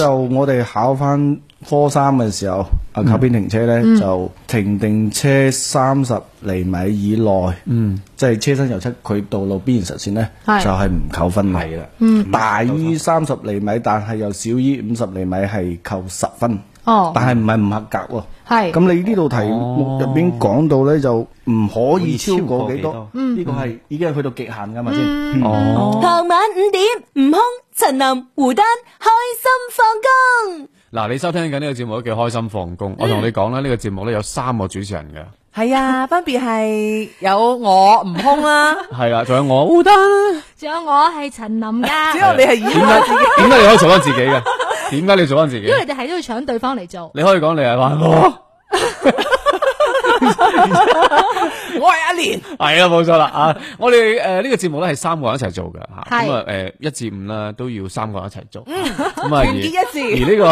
就我哋考翻科三嘅時候，啊靠邊停車咧，就停定車三十厘米以內，嗯，即係車身右側佢道路邊緣實線咧，就係唔扣分咪啦，嗯，大於三十厘米，但係又少於五十厘米係扣十分，哦，但係唔係唔合格喎，係，咁你呢道題目入邊講到咧就唔可以超過幾多？嗯，呢個係已經係去到極限噶嘛先，哦，傍晚五點，唔空。陳林、胡丹開心放工。嗱，你收聽緊呢個節目都叫開心放工。嗯、我同你講啦，呢、這個節目咧有三個主持人嘅。係啊，分別係有我悟空啦。係啊，仲、 啊、有我胡丹，仲有我係陳林噶。只、啊、有你係演家，點解你可以做翻自己嘅？點解你要做翻自己？因為你哋係都要搶對方嚟做。你可以講你係玩我。我係阿蓮，係啊，冇錯啦啊！我哋誒呢個節目咧係三個人一齊做噶吓，咁啊誒一至五啦都要三個人一齊做，團結一致。而呢個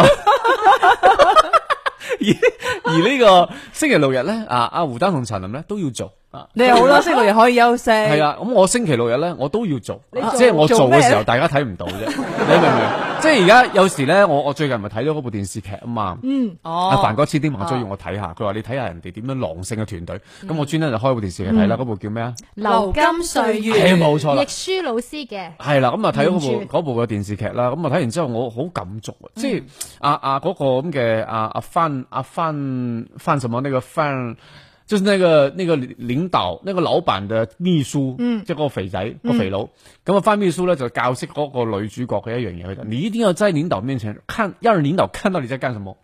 而而呢個星期六日咧啊阿胡丹同陳琳咧都要做啊！你好多星期六日可以休息，係啊！咁我星期六日咧我都要做，即係我做嘅時候大家睇唔到啫，你明唔明？即係而家有時咧，我我最近咪睇咗嗰部電視劇啊嘛。嗯，哦，阿凡哥千叮萬囑要我睇下，佢、嗯、話你睇下人哋點樣狼性嘅團隊。咁、嗯、我專登就開部電視劇睇啦，嗰、嗯、部叫咩啊？流金歲月。冇、哎、錯啦，亦舒老師嘅。係啦，咁啊睇嗰部嗰部嘅電視劇啦。咁啊睇完之後我好感觸，即係阿嗰個咁嘅阿阿 fan 阿 fan fan 什麼呢、呢個 fan。就是那個那個領導、那個老闆的秘書，嗯，這個肥仔個肥佬。咁、嗯、啊，范秘書呢，就教識嗰個，個女主角嘅一樣嘢，佢你一定要在領導面前看，讓領導看到你在幹什麼。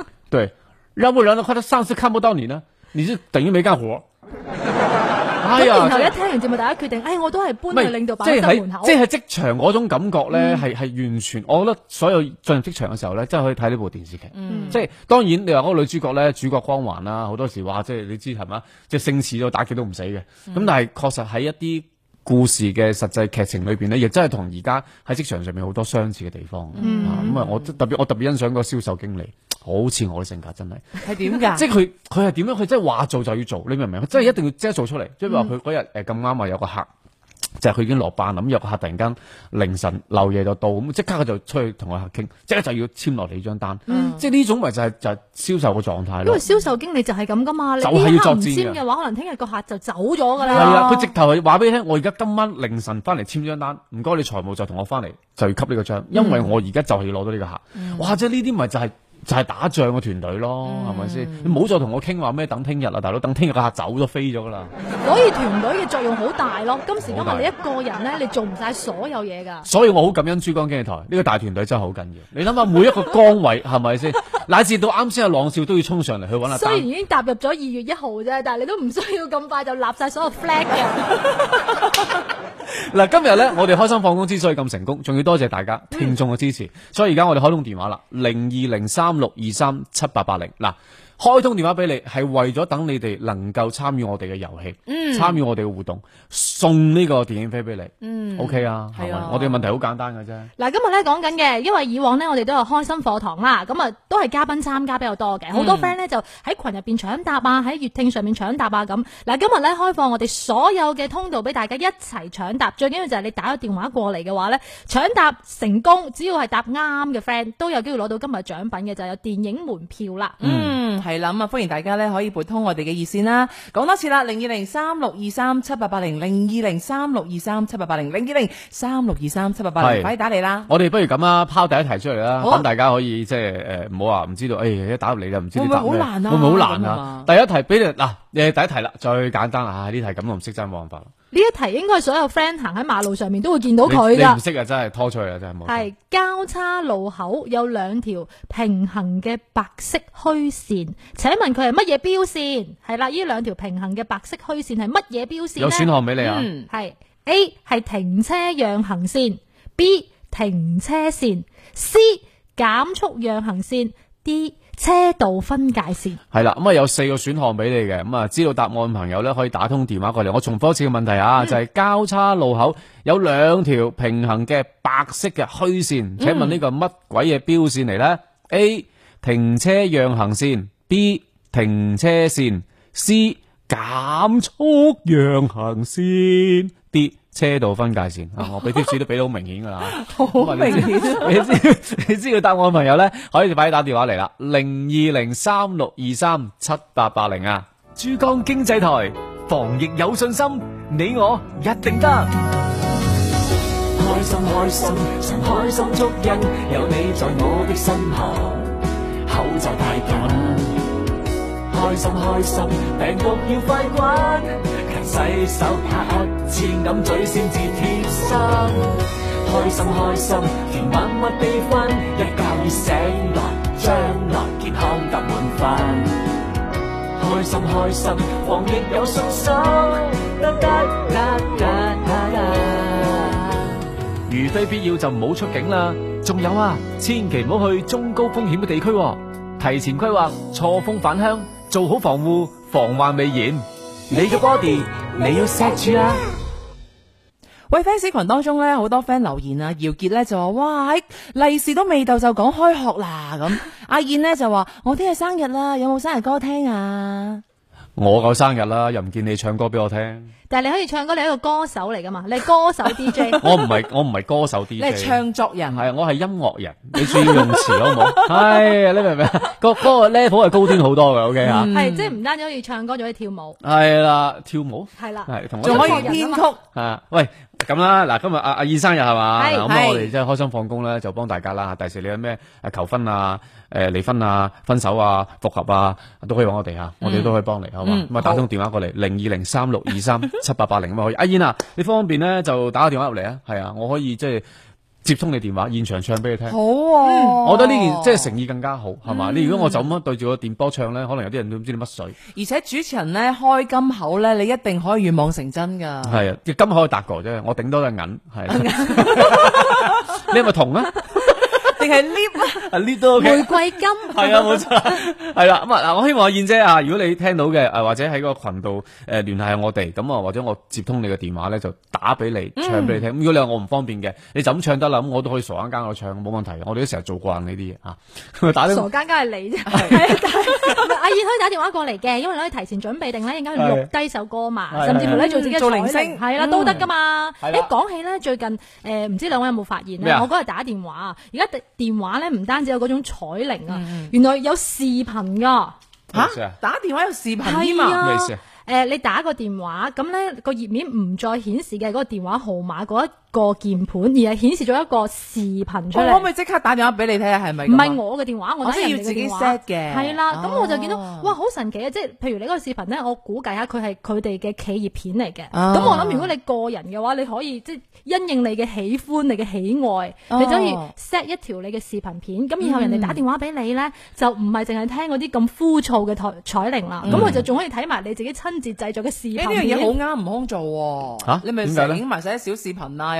對，要不然的話，他上司看不到你呢，你就等於沒幹活。係然後一聽完節目，大家決定，哎，哎，我都係搬去領導辦公室門口。即係喺、就是、職場嗰種感覺咧，係、嗯、係完全。我覺得所有進入職場嘅時候咧，真係可以睇呢部電視劇。嗯、即係當然，你話個個女主角咧，主角光環啦，好多時話即係你知係嘛？即係勝似咗打擊都唔死嘅。咁、嗯、但係確實喺一啲故事嘅實際劇情裏面呢，亦真係同而家喺職場上面好多相似嘅地方。咁、嗯、啊，我特別我特別欣賞個銷售經理。好似我嘅性格真係係點噶，即係佢佢係點樣？佢即係話做就要做，你明唔明？即係一定要即刻做出嚟。即係話佢嗰日誒咁啱啊，有個客就係佢已經落班啦。咁有個客突然間凌晨漏夜就到咁，即刻佢就出去同個客傾，即刻就要簽落嚟張單。嗯、即係呢種咪就係就係銷售嘅狀態，因為銷售經理就係咁噶嘛，你呢一刻唔簽嘅話，可能聽日個客就走咗噶啦。係啊，佢直頭係話俾你聽，我而家今晚凌晨翻嚟簽張單，唔該你財務就同我翻嚟就要吸呢個章，因為我而家就係要攞到呢個客、嗯。哇！即係呢啲咪就係。就係、是、打仗嘅團隊咯，係咪先？你唔好再同我傾話咩等聽日啊，大佬等聽日下走都飛咗噶啦。所以團隊嘅作用好大咯。今時今日你一個人咧，你做唔晒所有嘢噶。所以我好感恩珠江經濟台呢、這個大團隊真係好緊要。你諗下每一個崗位係咪先？乃至到啱先嘅朗少都要衝上嚟，去揾阿。雖然已經踏入咗二月一號啫，但係你都唔需要咁快就立晒所有 flag 嘅。嗱， 今日咧我哋開心放工之所以咁成功，仲要多謝大家聽眾嘅支持。嗯、所以而家我哋開通電話啦，零二零三。三六二三七八八零嗱。開通電話俾你係為咗等你哋能夠參與我哋嘅遊戲，嗯、參與我哋嘅互動，送呢個電影飛俾你。嗯、OK 啊，係咪？我哋嘅問題好簡單㗎啫。嗱，今日咧講緊嘅，因為以往呢，我哋都有開心課堂啦，咁啊都係嘉賓參加比較多嘅，好多 friend 呢，就喺群入邊搶答啊，喺粵聽上面搶答啊咁。嗱，今日咧開放我哋所有嘅通道俾大家一齊搶答，最緊要就係你打個電話過嚟嘅話咧，搶答成功，只要係答啱嘅 friend 都有機會攞到今日獎品嘅，就有電影門票啦。嗯。係啦啊！歡迎大家咧可以撥通我哋嘅熱線啦。講多次啦，零二零三六二三七八八零，零二零三六二三七八八零，零二零三六二三七八八零，快啲打嚟啦！我哋不如咁啊，拋第一題出嚟啦，等、啊、大家可以即係誒，唔好話唔知道，誒、哎、一打入嚟就唔知會唔會好難啊？會唔會好難啊？第一題俾你嗱。啊你第一題啦，最簡單啦，呢、啊、題咁我唔識真冇辦法。呢一題應該所有 friend 行喺馬路上面都會見到佢嘅。你唔識啊，真係拖出去啊，真係冇。係交叉路口有兩條平行嘅白色虛線，請問佢係乜嘢標線？係啦，呢兩條平行嘅白色虛線係乜嘢標線？有選項俾你啊。嗯，係 A 係停車讓行線，B 停車線，C 減速讓行線，D。車道分界線係啦，咁啊有四個選項俾你嘅，咁啊知道答案朋友呢可以打通電話過嚟。我重複一次個問題啊，就係交叉路口有兩條平行嘅白色嘅虛線，請問呢個乜鬼嘢標線嚟呢？A. 停車讓行線，B. 停車線，C. 減速讓行線，D. 車道分界線，我俾啲貼士都俾到好明顯噶啦，好明顯。你知你知要答我嘅朋友咧，可以快啲打電話嚟啦，零二零三六二三七八八零啊！珠江經濟台，防疫有信心，你我一定得。開心開心，神開心足印，有你在我的身旁，口罩戴緊。開心開心，病毒要快滾。.洗手，乞擦乾嘴，先至貼心。開心開心，甜蜜地分。一覺已醒來，將來健康得滿分。開心開心，開心，防疫有信心。噠噠噠如非必要就唔好出境啦，仲有啊，千祈唔好去中高風險嘅地區，啊，提前規劃錯峰返鄉，做好防護，防患未然。你嘅 body 你要 set 住啦！喂，fans 群當中咧，好多 friend 留言啊，姚杰咧就話，哇喺利是都未到就講開學啦咁， 阿燕咧就話，我聽日生日啦，有冇生日歌聽啊？我夠生日啦，又唔見你唱歌俾我聽。但係你可以唱歌，你係一個歌手嚟噶嘛？你係歌手 DJ。我唔係，我唔係歌手 DJ。你係唱作人。係啊，我係音樂人。你注意用詞好唔好？哎呀，你明唔明？嗰嗰個 level 係高端好多噶，OK 吓。係，即係唔單止可以唱歌，仲可以跳舞。係啦，跳舞。係啦，係同我合作人啊嘛。仲可以編曲。係啊，喂。咁啦，嗱，今日阿阿燕生日係嘛？咁我哋即係開心放工咧，就幫大家啦。第時你有咩求婚啊，誒離婚啊，分手啊，復合啊，都可以揾我哋啊、嗯。我哋都可以幫你，好嘛，咁、嗯、啊打通電話過嚟，零二零三六二三七八八零咁可以。阿燕啊，你方便咧就打個電話入嚟啊，係啊，我可以即係。接通你電話，現場唱俾你聽。好、啊，嗯、我覺得呢件即係誠意更加好，係嘛、嗯？你如果我就咁樣對住個電波唱咧，可能有啲人都唔知你乜水。而且主持人咧開金口咧，你一定可以願望成真噶。係啊，只金口達哥啫，我頂多係銀，係。 你係咪同啊！ 定係 lead 啊，玫瑰金係 啊，冇錯，係啦，咁啊嗱，我希望阿燕姐啊，如果你聽到嘅或者喺個群度誒聯繫我哋，咁啊或者我接通你嘅電話咧，就打俾你唱俾你聽。嗯、如果你話我唔方便嘅，你就咁唱得啦，咁我都可以傻更更我唱冇問題。我哋都成日做慣呢啲嘢啊。打傻更更係你啫，阿燕可以打電話過嚟嘅，因為你可以提前準備定咧，應該錄低首歌嘛，甚至乎咧做自己嘅鈴聲，係啦都得噶嘛。你講起咧最近誒唔知兩位有冇發現咧？我嗰日打電話，而家電話咧唔單止有嗰種彩鈴啊，嗯、原來有視頻噶吓，嗯啊，打電話有視頻添啊！誒、呃，你打個電話咁咧、個頁面唔再顯示嘅個電話號碼。一。個鍵盤，而係顯示咗一個視頻出嚟，我可唔可以即刻打電話俾你睇下係咪？唔係我嘅電話，我即係要自己 set 嘅。係啦，咁、啊、我就見到哇，好神奇啊！即係譬如你嗰個視頻咧，我估計下佢係佢哋嘅企業片嚟嘅。咁、啊、我諗如果你個人嘅話，你可以即係因應你嘅喜歡、你嘅喜愛、啊，你就可以 set 一條你嘅視頻片。咁、啊、以後人哋打電話俾你咧、嗯，就唔係淨係聽嗰啲咁枯燥嘅彩鈴啦。咁、嗯、佢就仲可以睇埋你自己親自製作嘅視頻。呢樣嘢好啱悟空做啊！啊你咪影埋晒啲小視頻啊？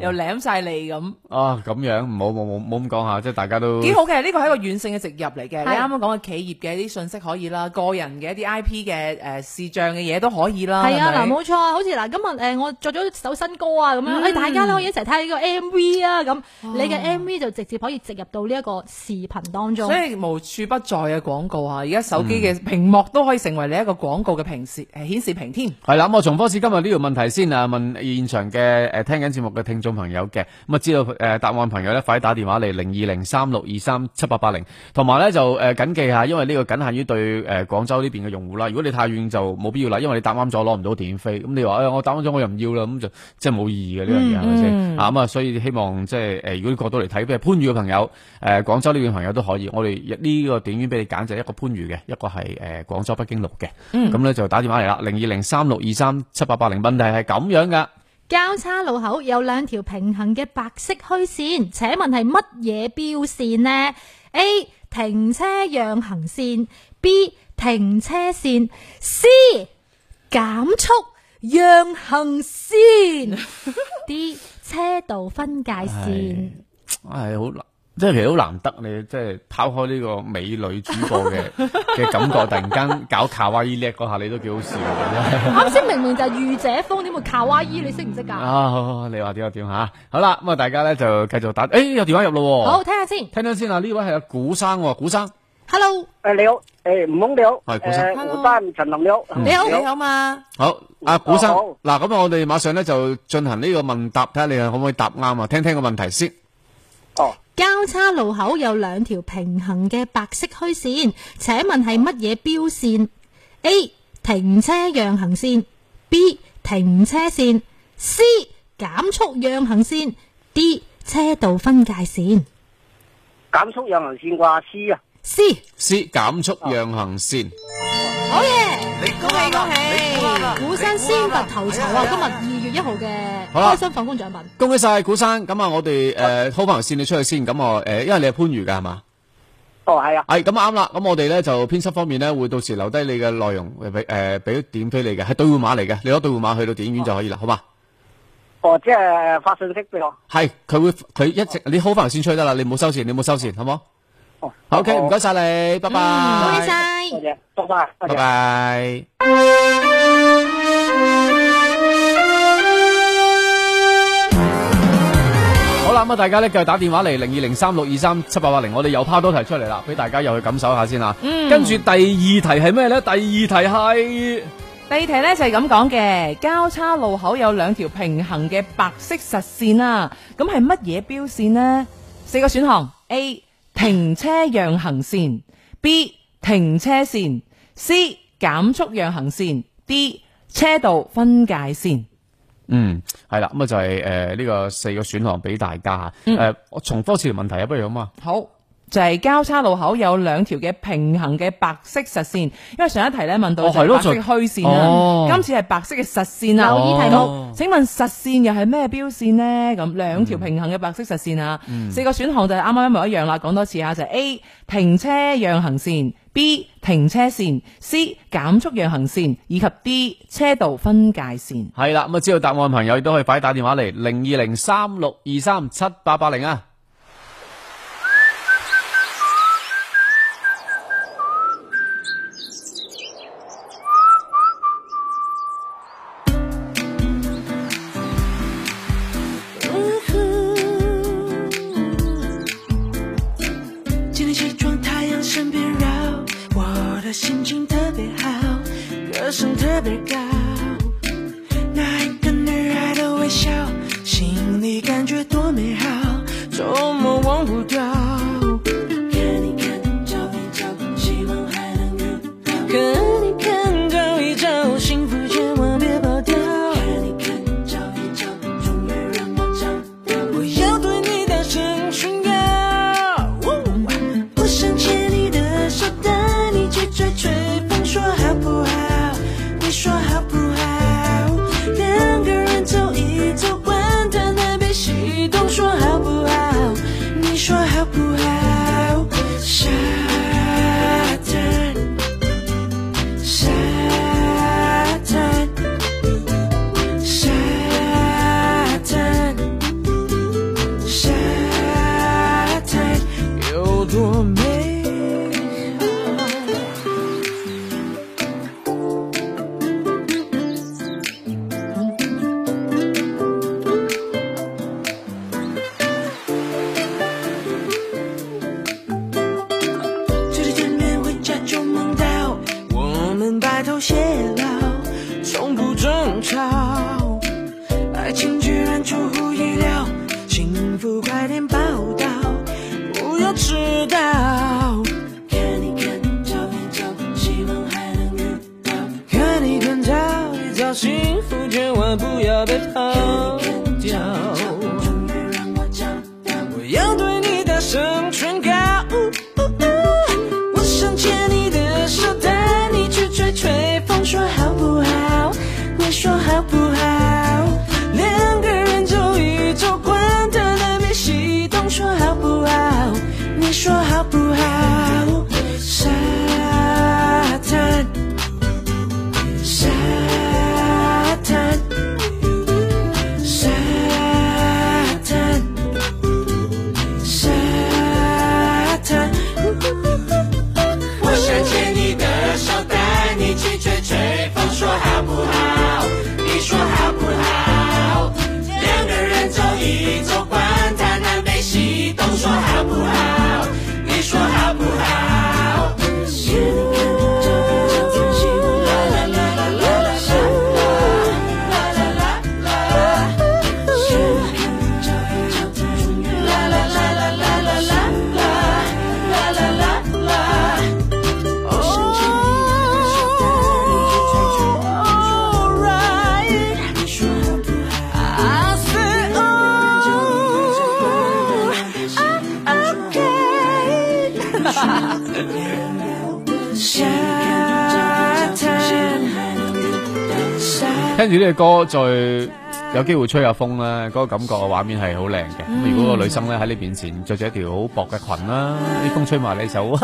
又舐晒你咁啊，咁樣唔好唔好唔好咁講吓，即係大家都幾好嘅，呢個係一個軟性嘅植入嚟嘅。你啱啱講嘅企業嘅一啲信息可以啦，個人嘅一啲 I P 嘅誒、呃、視像嘅嘢都可以啦。係啊嗱，冇錯，好似嗱，今日誒我作咗首新歌啊咁樣，誒、嗯、大家都可以一齊睇呢個 M V 啊咁，啊你嘅 M V 就直接可以植入到呢一個視頻當中。所以無處不在嘅廣告啊，而家手機嘅屏幕都可以成為你一個廣告嘅平時誒顯、呃、示屏添。係、嗯、啦、嗯，我重複次今日呢條問題先啊，問現場嘅誒聽緊節目嘅聽眾。朋友嘅咁啊，知道誒答案朋友咧，快啲打電話嚟零二零三六二三七八八零，同埋咧就誒謹記下，因為呢個僅限於對誒廣州呢邊嘅用戶啦。如果你太遠就冇必要啦，因為你答啱咗攞唔到電影飛。咁你話誒、哎、我答啱咗我又唔要啦，咁就真係冇意義嘅呢樣嘢係咪先啊？咁啊，所以希望即係誒，如果你角度嚟睇，譬如番禺嘅朋友，誒、呃、廣州呢邊嘅朋友都可以。我哋呢個電影俾你揀就係、是、一個番禺嘅，一個係誒廣州北京路嘅。咁、嗯、咧就打電話嚟啦，零二零三六二三七八八零。問題係咁樣噶。交叉路口有兩條平行嘅白色虛線，請問係乜嘢標線呢？A. 停車讓行線，B. 停車線，C. 減速讓行線，D. 車道分界線。唉 好難。即係其實好難得，你即係拋開呢個美女主播嘅嘅感覺， 突然間搞卡哇伊叻嗰下，你都幾好笑的。啱 先明明就係御姐風，點會卡哇伊？你識唔識噶？啊，好好你話點就點吓。好啦，咁啊，大家咧就繼續打。誒、欸，有電話入咯。好，聽一下聽聽先，聽下先啊。呢位係阿古生，古生。Hello，誒你好，誒唔好你好，係古生。吳丹陳龍你好，你好你好嘛。好，阿、啊、古生，嗱咁啊，我哋馬上咧就進行呢個問答，睇下你可唔可以答啱啊？聽聽個問題先。交叉路口有兩條平行嘅白色虛線，請問係乜嘢標線？A. 停車讓行線，B. 停車線，C. 減速讓行線，D. 車道分界線。減速讓行線，話 C 啊。C，C，減速讓行線、oh, yeah. 先，好嘢！恭喜恭喜，古生先拔頭籌啊！今日二月一號嘅開心放工獎品，恭喜晒古生。咁、呃、啊，我哋誒拖白雲線你出去先，咁我誒、呃，因為你係番禺噶係嘛？哦，係啊，係咁啱啦。咁我哋咧就編輯方面咧會到時留低你嘅內容誒俾誒俾點推你嘅係兌換碼嚟嘅，你攞兌換碼去到電影院就可以啦，好嘛？哦，即係、哦就是、發信息俾我。係，佢會佢一直、哦、你好白雲線出去得啦，你冇收線，你冇收線，嗯、好冇？好、哦、OK，唔該晒你，拜拜。唔該晒，多謝，拜拜。好啦，咁啊，大家咧繼續打電話嚟零二零三六二三七八八零，780，我哋又拋多題出嚟啦，俾大家又去感受一下先吓。嗯，跟住第二題係咩咧？第二題係第二題咧就係咁講嘅，交叉路口有兩條平行嘅白色實線啊，咁係乜嘢標線呢？四個選項 A。停車讓行線、B 停車線、C 減速讓行線、D 車道分界線。嗯，係啦，咁啊就係誒呢個四個選項俾大家吓。誒、嗯，呃，我重複一次問題啊，不如咁啊。好。就係、是、交叉路口有兩條嘅平行嘅白色實線，因為上一題咧問到係白色虛線啦，今、哦、次係白色嘅實線啦。留意題目，請問實線又係咩標線呢？咁兩條平行嘅白色實線啊，嗯、四個選項就啱啱一模一樣啦。講多次啊，就係、是、A 停車讓行線，B 停車線，C 減速讓行線，以及 D 車道分界線。係啦，咁啊知道答案，朋友亦都可以快啲打電話嚟零二零三六二三七八八零啊。心情特別好，歌聲特別高，那一個女孩的微笑，心裏感覺。呢個歌在。有機會吹下風啦，嗰、那個感覺嘅畫面係好靚嘅。咁、嗯、如果個女生咧喺你面前着住一條好薄嘅裙啦，啲、嗯、風吹埋你就，哇！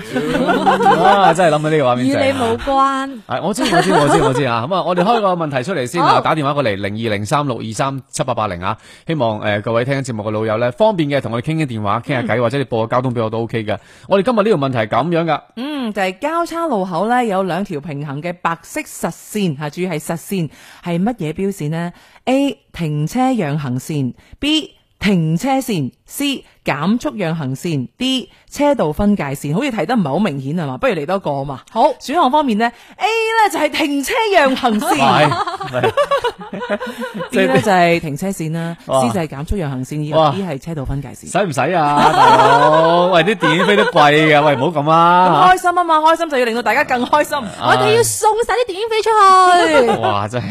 哇真係諗緊呢個畫面。你冇關。係、哎，我知我知我知我知啊。咁 啊，我哋開個問題出嚟先，啊，打電話過嚟零二零三六二三七八八零啊。780，希望誒、呃、各位聽緊節目嘅老友呢，方便嘅同我哋傾傾電話，傾下偈，或者你播個交通俾我都 OK 㗎。我哋今日呢條問題係咁樣噶。嗯，就係、是、交叉路口呢，有兩條平行嘅白色實線吓，注意係實線係乜嘢標線呢？A 停車讓行線，B 停車線，C 減速讓行線，D 車道分界線，好似睇得唔係好明顯係嘛？不如嚟多一個嘛。好，選項方面呢 A 呢就係、是、停車讓行線是是 ，B 咧就係、是、停車線啦、就是、，C 就係減速讓行線，D 係車道分界線。使唔使啊？ 喂啲電影飛都貴㗎！喂唔好咁啊。開心啊嘛、啊，開心就要令到大家更開心，哎、我哋要送晒啲電影飛出去。哇，真係。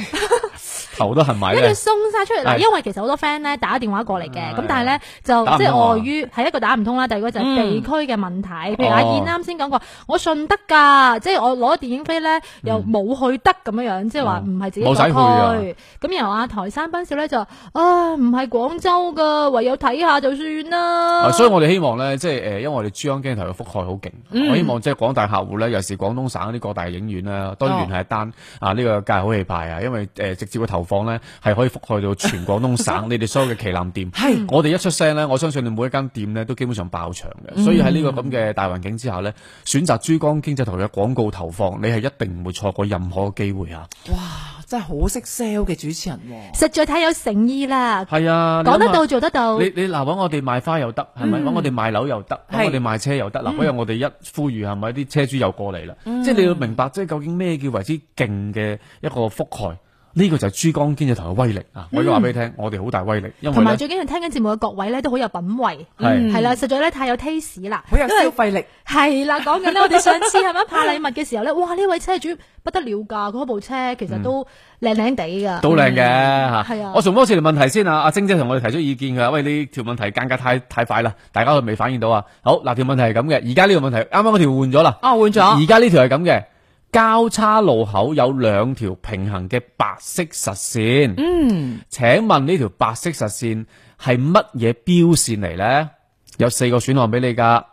頭都係埋，跟住鬆晒出嚟啦。因為其實好多 friend 咧打電話過嚟嘅，咁但係咧就即係礙於係一個打唔通啦，第二個就係、地區嘅問題、嗯。譬如阿燕啱先講過，我順德㗎，即係我攞電影飛咧、嗯、又冇去得咁樣樣，即係話唔係自己個區。咁、嗯啊、然後阿台山賓不少咧就啊唔係廣州㗎，唯有睇下就算啦。所以我哋希望咧即係誒，因為我哋珠江鏡頭嘅覆蓋好勁、嗯，我希望即係廣大客戶咧，尤其是廣東省嗰啲各大影院咧，當然係一單、哦、啊！呢、呢個梗係好氣派啊，因為誒直接嘅投。房呢係可以覆蓋到全廣東省，你哋所有嘅旗艦店， 我哋一出聲呢，我相信你每一間店呢都基本上爆場嘅。所以喺呢個咁嘅大環境之下呢、嗯，選擇珠江經濟台嘅廣告投放，你係一定唔會錯過任何嘅機會啊！哇，真係好識 sell 嘅主持人，實在太有誠意啦！係啊，講得到做得到。你你嗱，揾我哋賣花又得，係咪？揾、嗯、我哋賣樓又得，揾、嗯、我哋賣車又得。嗱，嗰日我哋一呼籲，係咪？啲車主又過嚟啦。即係你要明白，即係究竟咩叫為之勁嘅一個覆蓋。呢、這個就係珠江經濟台嘅威力啊！我要話俾你聽、嗯，我哋好大威力。同埋最經常聽緊節目嘅各位咧，都好有品味，係啦，實在咧太有 taste 啦，好有消費力。係啦，講緊咧我哋上次係咪啊派禮物嘅時候咧？ 哇，呢位車主不得了噶，嗰部車其實都靚靚地噶，都靚嘅吓。我重播條問題先啊，阿晶晶同我哋提出意見佢話：喂，呢條問題間隔太太快啦，大家都未反應到啊。好，嗱，條問題係咁嘅，而家呢條問題啱啱條換咗啦、哦，換咗，而家呢條係咁嘅。交叉路口有兩條平行嘅白色實線，嗯，請問呢條白色實線係乜嘢標線嚟咧？有四個選項俾你噶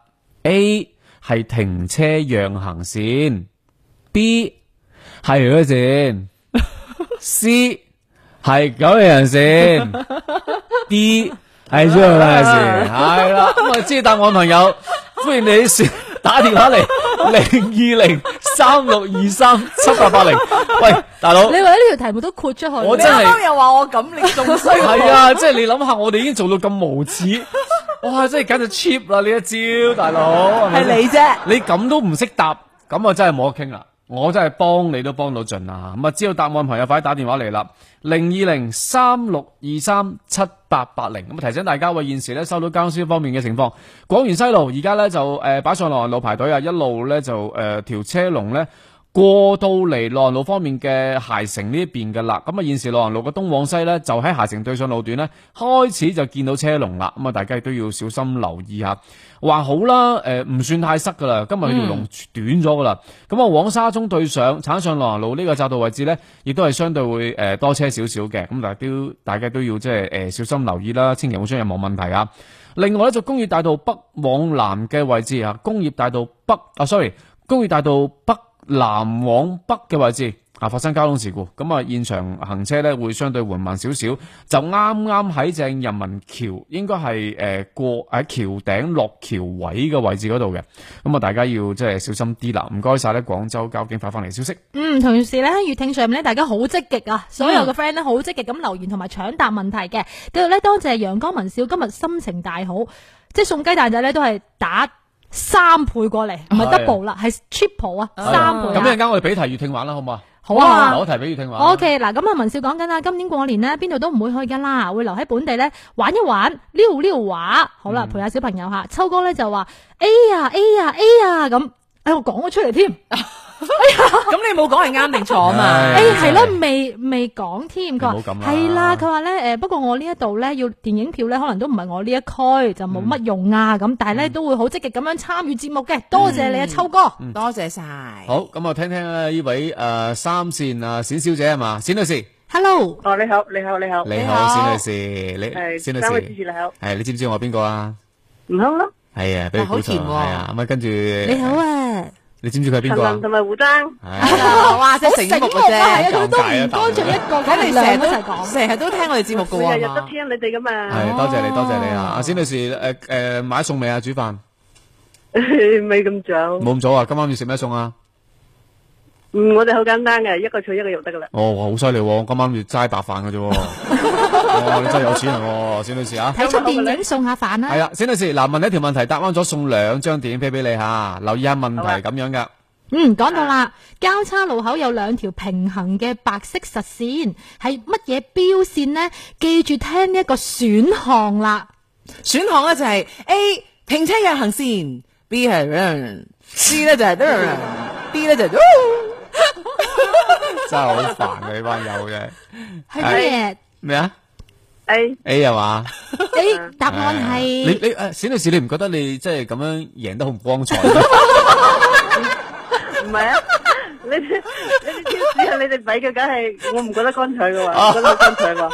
，A 係停車讓行線，B 係虛線，C 係九人線，D 係專用巴士線，係啦，D 線啊、我知答案，朋友，歡迎你打電話嚟。零二零三六二三七八八零，80, 喂，大佬，你話呢條題目都豁出去，我真係又話我咁你仲衰，係 啊，即係你諗下，我哋已經做到咁無恥， 哇，真係簡直 cheap 啦呢一招，大佬係你啫，你咁都唔識答，咁啊真係冇得傾啦。我真係幫你都幫到盡啦，咁啊，知道答案朋友快啲打電話嚟啦，零二零三六二三七八八零。咁啊，提醒大家喂，現時咧收到交通方面嘅情況，廣園西路而家咧就誒擺上羅路排隊啊，一路咧就誒條、呃、車龍咧。過到嚟洛陽路方面嘅鞋城呢一邊嘅啦，咁啊，現時洛陽路嘅東往西咧，就喺鞋城對上路段咧，開始就見到車龍啦。咁啊，大家都要小心留意一下。還好啦，誒、呃，唔算太塞噶啦。今日呢條龍短咗噶啦，咁、嗯、啊，往沙中對上鏟上洛陽路呢個匝道位置咧，亦都係相對會誒多車少少嘅。咁但係都大家都要即係誒小心留意啦，千祈唔好出現冇問題啊。另外呢，就工業大道北往南嘅位置啊，工業大道北啊，sorry，工業大道北。南往北嘅位置啊，發生交通事故，咁啊，現場行車咧會相對緩慢少少，就啱啱喺正人民橋，應該係誒過喺橋頂落橋位嘅位置嗰度嘅，咁啊，大家要即係小心啲啦，唔該晒咧，廣州交警發翻嚟消息。嗯，同時咧喺粵聽上面咧，大家好積極啊，所有嘅 friend 咧好積極咁留言同埋搶答問題嘅，繼續咧多謝陽光文少今日心情大好，即係送雞蛋仔咧都係打。三倍過嚟，唔係 double 啦，係 triple 啊，三倍、啊。咁、啊、一陣間我哋俾題粵聽玩啦，好唔好？好啊，攞、啊、提俾粵聽玩。OK，嗱，咁啊，文少講緊啊，今年過年咧，邊度都唔會去噶啦，會留喺本地咧玩，玩，玩一玩，溜溜滑。好啦、啊嗯，陪下小朋友吓。秋哥咧就話、嗯、哎呀哎呀哎呀咁，哎，我講咗出嚟添。 哎呀咁你冇講係啱定錯啊嘛？誒係咯，未未講添。佢話係啦，佢話咧誒，不過我呢一度咧要電影票咧，可能都唔係我呢一區，就冇乜用啊咁。但係咧都會好積極咁樣參與節目嘅。多謝你啊，秋哥，多謝晒。好，咁我聽聽咧呢位誒三線啊冼小姐係嘛？冼女士，Hello，哦你好，你好你好，你好冼女士，你係，冼女士，你好，係你知唔知我邊個啊？唔通咯？係啊，好甜喎，咁啊跟住你好啊。你知唔知佢係邊個？林同埋胡丹。哇！成個節目都唔干一個，我哋成日都講，成日都聽我哋節目噶嘛，日日都聽你哋噶嘛。係、啊、多謝你，多謝你啊！阿仙女士，誒、呃、誒，買餸未啊？煮飯，未 咁早，冇咁早啊！今晚要食咩餸啊？嗯，我哋好簡單嘅，一個菜一個肉得噶啦。哦，好犀利喎！我今晚要齋白飯嘅啫， 哦、你真係有錢人啊，小女士啊！睇出電影送下飯啦、啊。係、嗯、啦，小女士，嗱，問你一條問題，答翻咗送兩張電影票俾你吓，留意一下問題咁、啊、樣噶。嗯，講到啦，交叉路口有兩條平行嘅白色實線，係乜嘢標線呢？記住聽呢一個選項啦。選項咧就係 A 停車讓行線，B 係 r c 咧就係 t u d 咧就係、是呃啊真係好煩啊！呢班友嘅係咩？咩啊？A A 係嘛？誒，答案係你你誒，史女士，你唔覺得你即係咁樣贏得好唔光彩？唔係啊，你你天使啊，你哋俾嘅梗係我唔覺得光彩嘅嘛，唔覺得光彩嘛？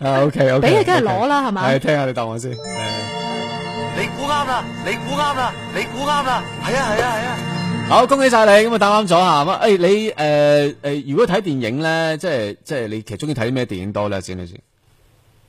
啊 OK OK，俾嘅梗係攞啦，係嘛？係聽下你答案先。你估啱啦！你估啱啦！你估啱啦！係啊係啊係啊！好，恭喜晒你咁啊答啱咗吓咁啊！誒、哎，你誒誒、呃呃，如果睇電影咧，即係即係你其實中意睇啲咩電影多咧？先，先，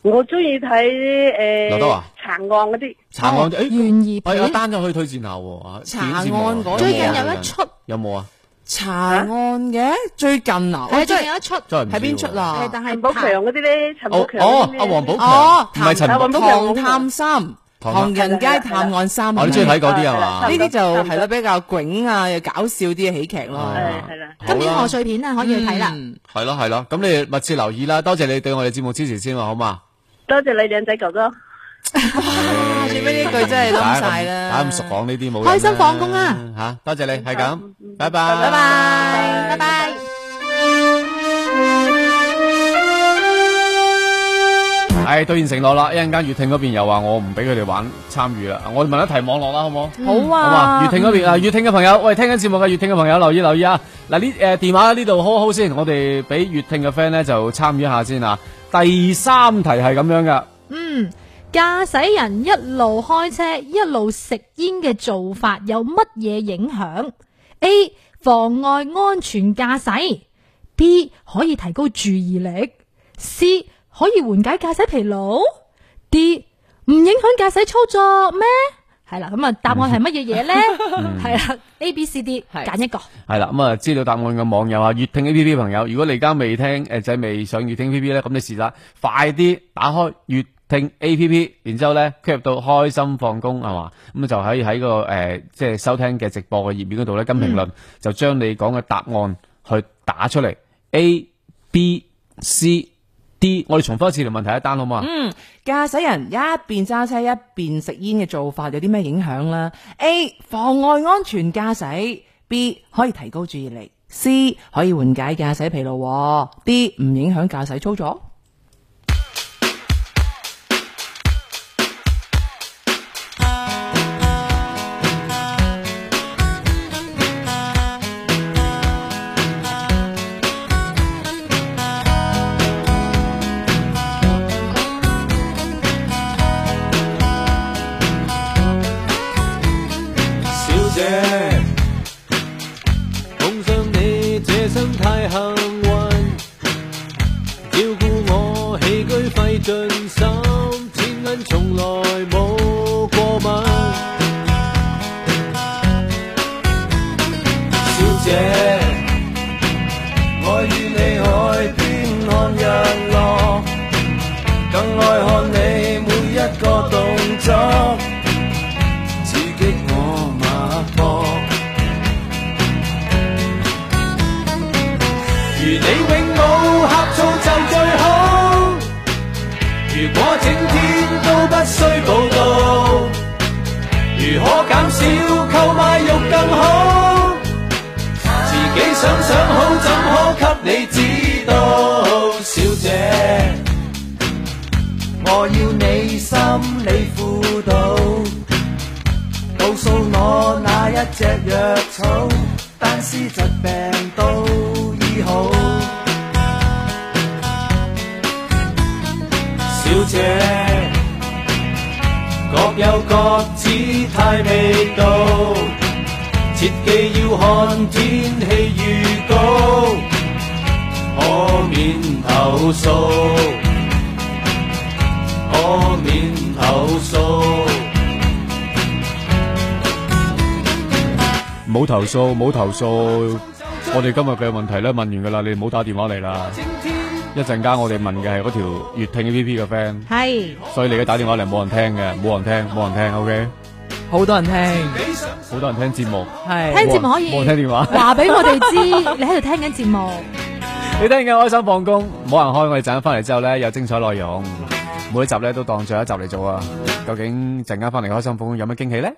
我中、呃啊哎、意睇誒，劉德華查案嗰啲查案誒，我單咗可以推薦下喎。查案嗰最近有一出有冇啊？查案嘅最近啊，係最近有一出，係邊、啊啊啊啊、出啦？係但係寶強嗰啲咧，陳寶強咩？哦，阿王寶強，唔係陳寶強，哦、唐探三。唐人街探案三，哦，你中意睇嗰啲係嘛？呢啲就係啦，比較囧啊，又搞笑啲嘅喜劇咯。係啦，今年賀歲片啊？可以去睇啦。係咯係咯，咁、嗯、你密切留意啦。多謝你對我哋節目支持先，好嘛？多謝你靚仔哥哥，最尾呢句真係諗晒啦，打咁熟講呢啲冇。開心放工啊！吓，多謝你，係咁，拜 拜哇，拜 拜，拜拜。係兌現承諾啦！一陣間月聽嗰邊又話我唔俾佢哋玩參與啦。我問一題網絡啦，好唔好？好啊！好月聽嗰邊啊，月、嗯、聽嘅朋友，喂，聽緊節目嘅月聽嘅朋友，留意留意啊！嗱呢誒電話呢度 hold hold 先，我哋俾月聽嘅 friend 咧就參與一下先啊。第三題係咁樣噶，嗯，駕駛人一路開車一路食煙嘅做法有乜嘢影響？A. 妨礙安全駕駛；B. 可以提高注意力；C. 可以緩解駕駛疲勞啲，唔影響駕駛操作咩？係啦，咁啊，答案係乜嘢嘢咧？係 啦是的 ，A、B、C、D、B、C、D，揀一個。係啦，咁啊，知道答案嘅網友啊，粵聽 A P P 朋友，如果你而家未聽誒仔未上粵聽 A P P 咧，咁你試下快啲打開粵聽 A P P，然之後咧加入到開心放工係嘛，咁就可以喺個誒、呃、即係收聽嘅直播嘅頁面嗰度咧，跟評論、嗯、就將你講嘅答案去打出嚟，A、B、C。D，我哋重翻一次嚟問題一單好嘛。嗯，駕駛人一邊揸車一邊食煙嘅做法有啲咩影響呢？A，妨礙安全駕駛；B，可以提高注意力；C，可以緩解駕駛疲勞；D，唔影響駕駛操作。想想好，怎可給你指導，小姐？我要你心理輔導，告訴我哪一隻藥草，單絲疾病都醫好。小姐，各有各姿態味道。切記要看天氣預告，可免投訴，可免投訴。冇投訴，冇投訴。我哋今日嘅問題咧，問完噶啦，你唔好打電話嚟啦。一陣間我哋問嘅係嗰條粵聽 A P P 嘅 friend，係，所以你而家打電話嚟冇人聽嘅，冇人聽，冇人聽，OK。好多人聽，好多人聽節目，係聽節目可以冇人聽電話，話俾我哋知，你喺度聽緊節目。 你聽緊《開心放工》，冇人開，我哋陣間翻嚟之後咧有精彩內容，每一集咧都當最後一集嚟做啊！究竟陣間翻嚟《開心放工》有乜驚喜咧？